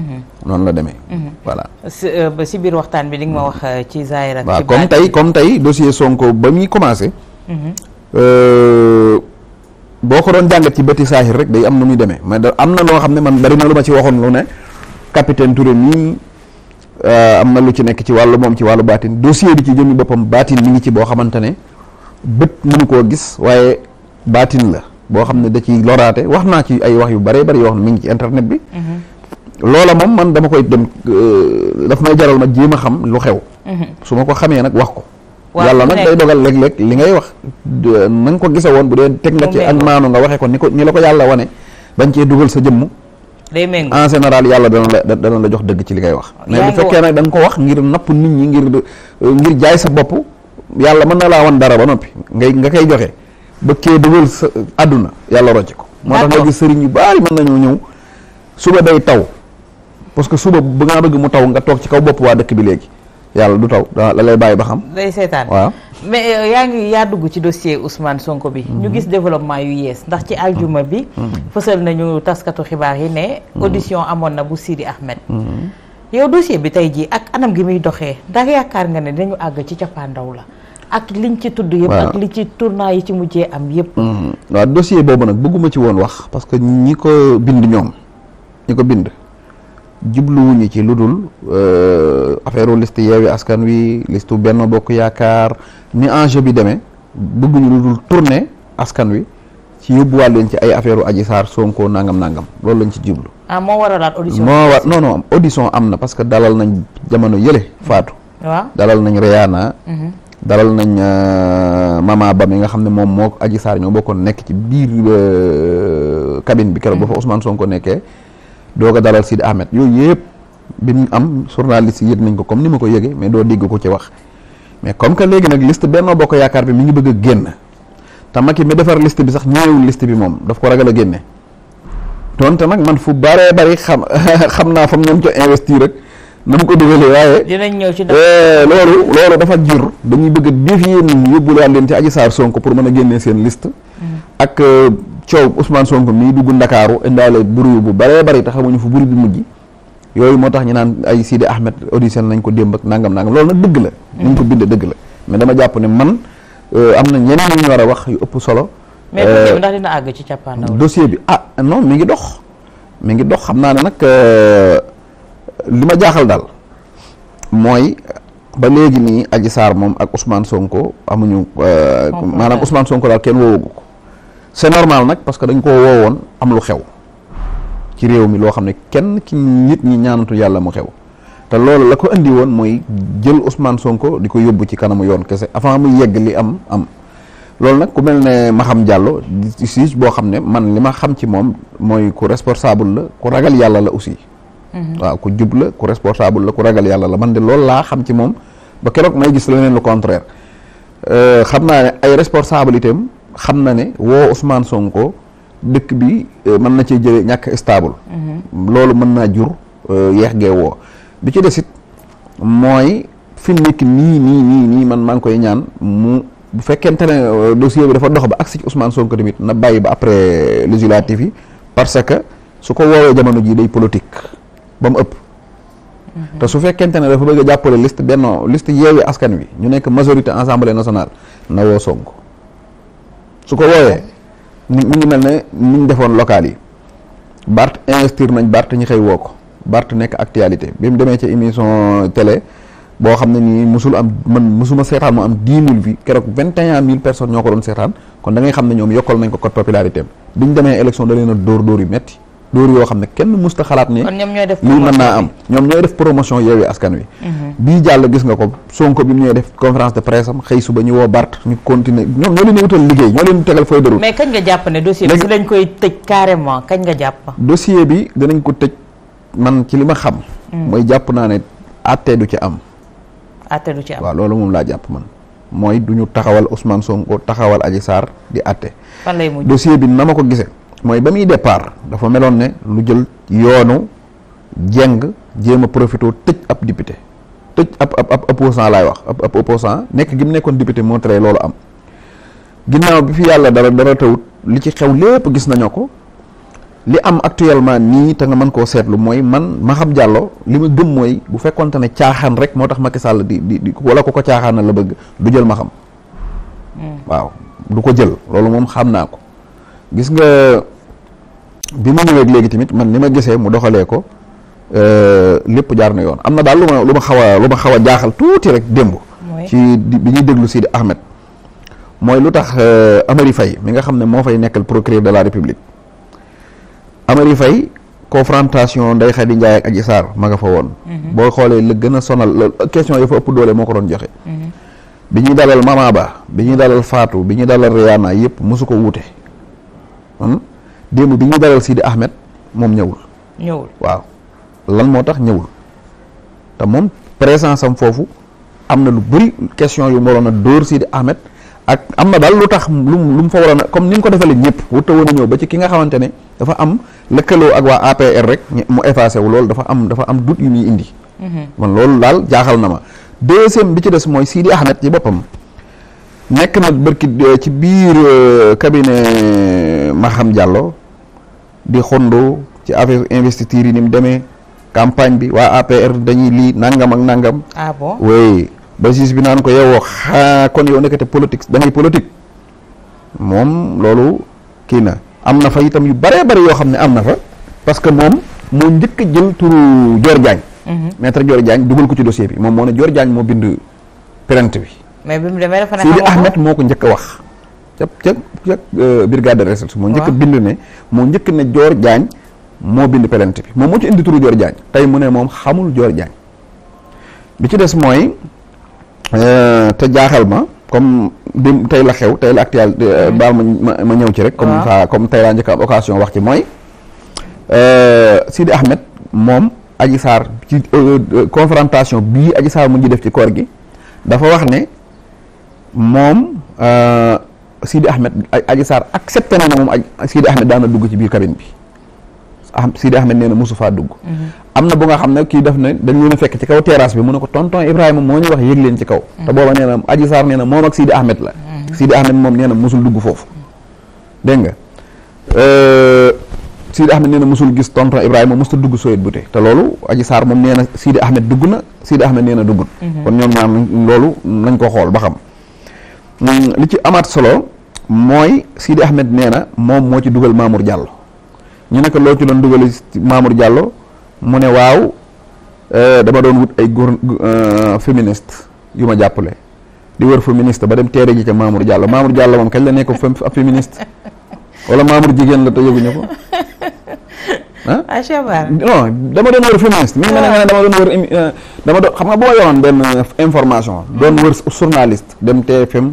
Mm-hmm. noonu la demee. Mm-hmm. voilà euh, ba biir waxtaan bi di ma wax euh, ci Zahir ak. waaw comme tey comme tey dossier Sonko ba muy commencé. Mm-hmm. Euh, boo ko doon jàngat ci bëti Zahir rek day am nu muy demee mais da am na loo xam ne man bari na lu ma ci waxoon lu ne capitaine Touré mii am na lu ci nekk ci wàllu moom ci wàllu baatin dossier bi ci jëmmi boppam baatin mi ngi ci boo xamante ne bët mënu koo gis waaye baatin la boo xam ne da ci loraate wax naa ci ay wax yu bëree bëri ngi ci internet bi. loola moom man dama koy dem euh, daf may jaral ma jéem a xam lu xew. Mhm. su ma ko xamee nag wax ko. yàlla nag day dogal léeg-léeg li ngay wax euh, na nga ko gise woon bu dee teg nga ci ak maanu nga waxe ko ni ko ni la ko yàlla wane bañ cee dugal sa jëmm day méngoo en général yàlla dana la dana la jox dëgg ci li ngay wax mais bu fekkee nag da ko wax ngir napp nit ñi ngir euh, ngir jaay sa bopp yàlla mën na laa wan dara ba noppi ngay nga koy joxe ba kee dugal sa àdduna yàlla rocc ko moo tax nga gis sëriñ yu bari mën nañoo ñëw suba day taw parce que suba bu ngaa bëgg mu taw nga toog ci kaw bopp waa dëkk bi léegi yàlla du taw da bàyyi ba xam. day seetaan waaw. mais euh, yaa ngi yaa dugg ci dossier Ousmane Sonko bi. Mhm. ñu gis développement yu yees ndax ci aljuma bi. Mhm. Mhm. fësal nañu taskatu xibaar yi ne. audition amoon na bu siiri Ahmed. yow dossier bi tey jii ak anam gi muy doxee ndax yaakaar nga ne dañu àgg ci cappaandaw la ak liñ ci tudd. yëpp ak li ci tournoi yi ci mujjee am yëpp. waa dossier boobu nag bëgguma ci woon wax parce que ñi ko bind ñoom ñi ko bind. jubluwuñu ci lu dul euh, affaire list yeewi askan wi list benn bokk yaakaar ni enjeu bi demee bëgguñu lu dul tourner askan wi ci yóbbuwaat leen ci ay affaire aji Sarr Sonko nangam nangam loolu lañ ci jublu. ah moo waralaat audition. moo war non non audition am na parce que dalal nañ jamono yële faatu. waaw dalal nañ Rihanna. Mhm. dalal nañ euh, Mama Ba mi nga xam ne moom moo Adji Sarr ñoo bokkoon nekk ci biir euh, cabine bi keroog ba fa mhm. Ousmane Sonko nekkee. doog a dalal Sidi Ahmed yooyu yëpp bi mu am journaliste yëg nañ ko comme ni ma ko yëgee mais doo dégg ko ci wax mais comme que léegi nag liste Benno Bokk Yaakaar bi mi ngi bëgg a génn te Macky mi defar liste bi sax ñëwewul liste moom daf ko ragal a génne donte nag man fu bëree bëri xam xam naa fam ñoom co investir rek na mu ko dugalee waaye. dinañ ñëw ci eh, loolu loolu dafa jur dañuy bëgg a défier nit ñi yóbbu leen ci Adji Sarr Sonko pour mën a génnee seen liste. Mm. ak euh, coow Ousmane Sonko mii dugg Ndakaaru indaale buru bu baree bari te xamuñu fu buru bi mujj yooyu moo tax ñu naan ay Sidi Ahmed audition nañ ko démb ak nangam nangam loolu nag dëgg la. Mm. nañ ko bind dëgg la mais dama jàpp ne man euh, am na ñeneen ñu war a wax yu ëpp solo. mais dossier euh, bi àgg ci cappaandaw dossier bi ah non mi ngi dox mi ngi dox xam naa ne nag euh, li ma jaaxal daal mooy ba léegi nii Adji saar moom ak Ousmane Sonko amuñu. maanaam Ousmane Sonko daal kenn woowagu ko. c'est normal nag parce que dañ koo woowoon am lu xew ci réew mi loo xam ne kenn ki nit ñi ñaanatu yàlla mu xew te loolu la ko indi woon mooy jël Ousmane Sonko di ko yóbbu ci kanamu yoon kese avant mu yegg li am am loolu nag ku mel ne ma xam di juge boo xam ne man li ma xam ci moom mooy ku responsable la ku ragal yàlla la aussi. Mhm. waaw ku jub la la ku ragal yàlla la man de loolu laa xam ci moom ba keroog may gis leneen lu contraire euh, xam naa ay responsabilités am xam na ne woo Ousmane Sonko dëkk bi euh, mën na cee jëlee ñàkk stable. Mhm. loolu mën naa jur euh, yeex gee bi ci desit mooy fi mu nekk nii nii nii man maa ngi koy ñaan mu bu fekkente ne euh, dossier bi dafa dox ba agsi ci Ousmane Sonko tamit na bàyyi ba après législative yi parce que su ko woowee jamono jii day politique ba mu ëpp. Mhm. te su fekkente ne dafa bëgg a jàppale liste benn liste yeewee askan wi ñu nekk majorité assemblée nationale na woo Sonko. su ko wooyee mu ngi mel ne ni ñu defoon local yi Bart investir nañ Bart ñi xëy woo ko Bart nekk actualité bi mu demee ci émission télé boo xam ne nii musul am man musuma seetaan mu am dix mille vues keroog vingt et un mille personnes ñoo ko doon seetaan kon da xam ne ñoom yokkal nañ ko code popularité bi ñu demee élection da leen a dóor dóor yu metti dóor yoo xam ne kenn musta xalaat ne lii mën naa am ñoom ñooy def promotion yeewi askan wi mhm. bii jàll gis nga ko Sonko bi mu ñooy def conférence de presse xëy suba ñu woo Bart ñu continuer ñoom ñoo leen di wutal liggéey ñoo leen tegal fooy dërul mais kañ nga jàpp ne dossier bi si lañ koy tëj carrément kañ nga bi dinañ ko tëj man ci li ma xam mhm. mooy jàpp naa ne àtte du ci am àtte du ci am waaw loolu moom laa jàpp man mooy du ñu taxawal Ousmane Sonko taxawal aji saar di àtte fan lay mujj dossier bi na ma ko gisee mooy ba muy départ dafa meloon ne lu jël yoonu jeng jéem a profité tëj ab député tëj ab ab ab opposant laay wax ab nekk gi mu nekkoon député moo tere loolu am ginnaaw bi fi yàlla dara dara tawut li ci xew lépp gis nañoo ko li am actuellement nii te nga mën koo seetlu mooy man ma xam jàllo li ma gëm mooy bu fekkonte ne caaxaan rek moo tax ma ki sàll di di di wala ko ko caaxaan la bëgg du jël ma xam hmm. waaw du ko jël loolu moom xam naa ko gis nga bi mu ñëwee léegi tamit man ni ma gisee mu doxalee ko euh, lépp jaar na yoon am na daal lu ma lu ma xaw a lu ma xaw a jaaxal tuuti rek démb. ci bi ñuy déglu Sidi Ahmed. mooy lu tax euh, Amary fay mi nga xam ne moo fay nekkal procureur de la République Amary Faye confrontation Ndeye Khady Ndiaye ak Adji Sarr ma nga fa woon. Mhm. boo xoolee la gën a sonal loolu question yi fa ëpp doole moo ko doon joxe. Mhm. bi ñuy dalal Mama bi ñuy dalal Fatou bi ñuy dalal Rihanna yëpp ko wuute. Hmm? démb bi ñu dalal di Ahmed moom ñëwul. ñëwul waaw lan moo tax ñëwul te moom présence am foofu am na lu bëri question yu mu waroon a dóor Sidi ak am na lu tax lu mu fa waroon comme ni mu ko defalee ñëpp wuta woon a ba ci ki nga xamante ne dafa am lëkkaloo ak waa APR rek mu effacé wu loolu dafa am dafa am doute yu muy indi. Mhm. man loolu daal jaaxal na ma deuxième bi ci des mooy Sidi Ahmed ci boppam. nekk na bërki euh, ci biir ma xam jàllo di xondo ci affaire investiture yi ni mu demee campagne bi waa APR dañuy lii nangam ak nangam. ah bon ba gis bi naan ko yow xaa kon yow nekkate politique da ngay moom loolu kii na am na fa itam yu bëree bëri yoo xam ne am na fa parce que moom moo njëkk a jël turu Dior Diagne. Mhm. maître Dior Diagne dugal ko ci dossier bi moom moo ne Dior Diagne moo bind plainte bi. mais bi mu demee moo ko njëkk wax. ca ca ca euh, brigade de recherche moo njëkk bind ne moo njëkk ne Dior Diagne moo bind plainte moo ci indi turu tey mu ne moom xamul Dior Diagne ci des mooy euh, te jaaxal ma comme dim tey la xew tey la actualité euh, hmm. baal ma ma ñëw ci rek. comme comme tey laa njëkk am occasion wax ci mooy Sidi Ahmed moom Adji Sarr ci confrontation bii Adji Sarr mu ngi def ci koor gi dafa wax ne. moom euh, Sidi Ahmed Adji Sarr accepté na ne moom Sidi Ahmed daan na dugg ci biir cabine bi Sidi Ahmed nee na mosu faa dugg. Mhm. am na bu nga xam ne kii def na dañ leen fekk ci kaw terrasse bi mu ne ko tonton Ibrahima moo ñu wax yëg leen ci kaw. Mhm. te booba nee na Adji Sarr na moom ak Sidi Ahmed la. Mhm. Sidi Ahmed moom nee na mosul dugg foofu dégg nga. Euh, Sidi Ahmed nee na mosul gis tonton Ibrahima mosut dugg Soyet bu te te loolu Adji Sarr moom nee na Sidi Ahmed dugg na Sidi Ahmed nee na dugg. kon ñoom ñaar loolu nañ ko xool ba xam. Mm, li ci amaat solo mooy Sidi Ahmed nee na moom moo ci dugal Mamour Diallo ñu nekk ko ci doon dugal Mamour Diallo mu ne waaw euh, dama doon wut ay góor euh, féministe yu ma jàppale di wër féministe ba dem teere ji ca Mamour Diallo Mamour Diallo moom kañ la nekk ab féministe wala Mamour jigéen la te yëguñu ko ah, dama doon wër féministe mi nga ne ah. dama doon wër euh, dama doon xam nga boo yoroon benn information doon wër journaliste dem TFM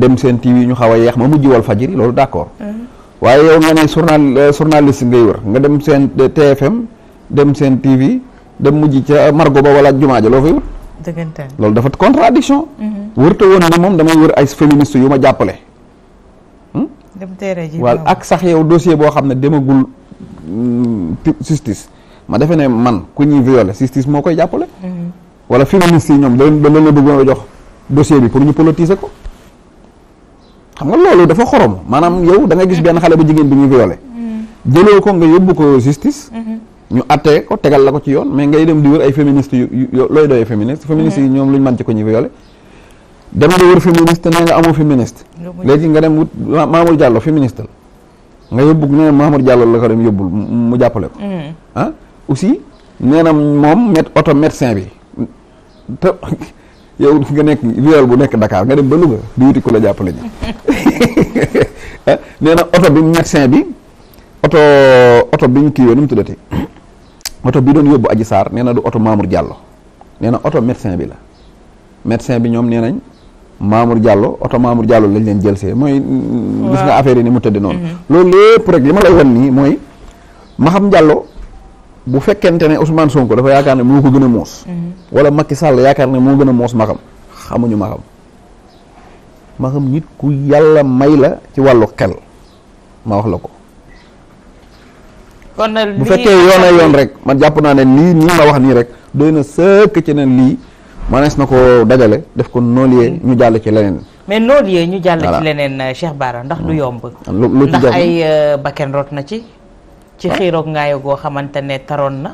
dem seen TV ñu xaw a yeex ma mujj wal fajiri loolu d'accord mhm. waaye yow nga ne journal euh, journaliste ngay wër nga dem seen euh, TFM dem seen TV dem mujj ca Margo ba wala jumaa ja loo fay wër dëggantaan loolu dafa contradiction mhm. wërta woon ne moom damay wër ay féministe yu ma jàppale hmm? waaw ak sax yow dossier boo xam ne demagul sistis hmm, ma defe ne man ku ñuy violé justice moo koy jàppale mhm. wala féministe yi ñoom da da la bëggoon jox dossier bi pour ñu politiser ko xam nga loolu dafa xorom maanaam yow dangay gis benn xale bu jigéen bi ñu violé mm. jëloo ko nga yóbbu ko justice mm-hmm. ñu attee ko tegal la ko ci yoon mais ngay dem di wër ay féministes yu looy doyee féministe mm-hmm. féministes yi ñoom luñ mën ci ko ñu violé dem nga wër féministe nee nga amoo féministe léegi nga dem wut Mamour Diallo féministe la nga yóbbu nee Mamour Diallo la ko dem yóbbul mu jàppale ko mm. ah aussi nee na moom met oto médecin bi yow nga nekk viol bu nekk Dakar nga dem ba Louga di wuti ku la jàppale ñu ah, nee na oto bi médecin bi oto oto bi ñu kiiwee nu mu tuddati oto bi doon yóbbu Adji saar nee na du oto Mamour Diallo nee na oto médecin bi la médecin bi ñoom nee nañ Mamour Diallo oto Mamour Diallo lañ leen jël see mooy. gis nga affaire yi ni mu tëdd noonu. Mm-hmm. loolu lépp rek li ma lay wan nii mooy Maham Diallo. bu fekkente ne Ousmane Sonko dafa yaakaar ne moo ko gën a moos. Mhm. wala Macky Sall yaakaar ne moo gën a moos maxam xamuñu maxam maxam nit ku yàlla may la ci wàllu xel ma wax la ko. kon bu fekkee yoonee yoon rek ma jàpp naa ne lii nii ma wax nii rek doy na sëkk ci ne lii manees na ko dajale def ko nooliyee mhm. ñu jàll ci leneen. mais nooliyee ñu jàll ci leneen Cheikh Bara ndax du mhm. yomb. lu lu ci ndax ay euh, bakken rot na ci. ci xiiroog ngaayo goo xamante ne taroon na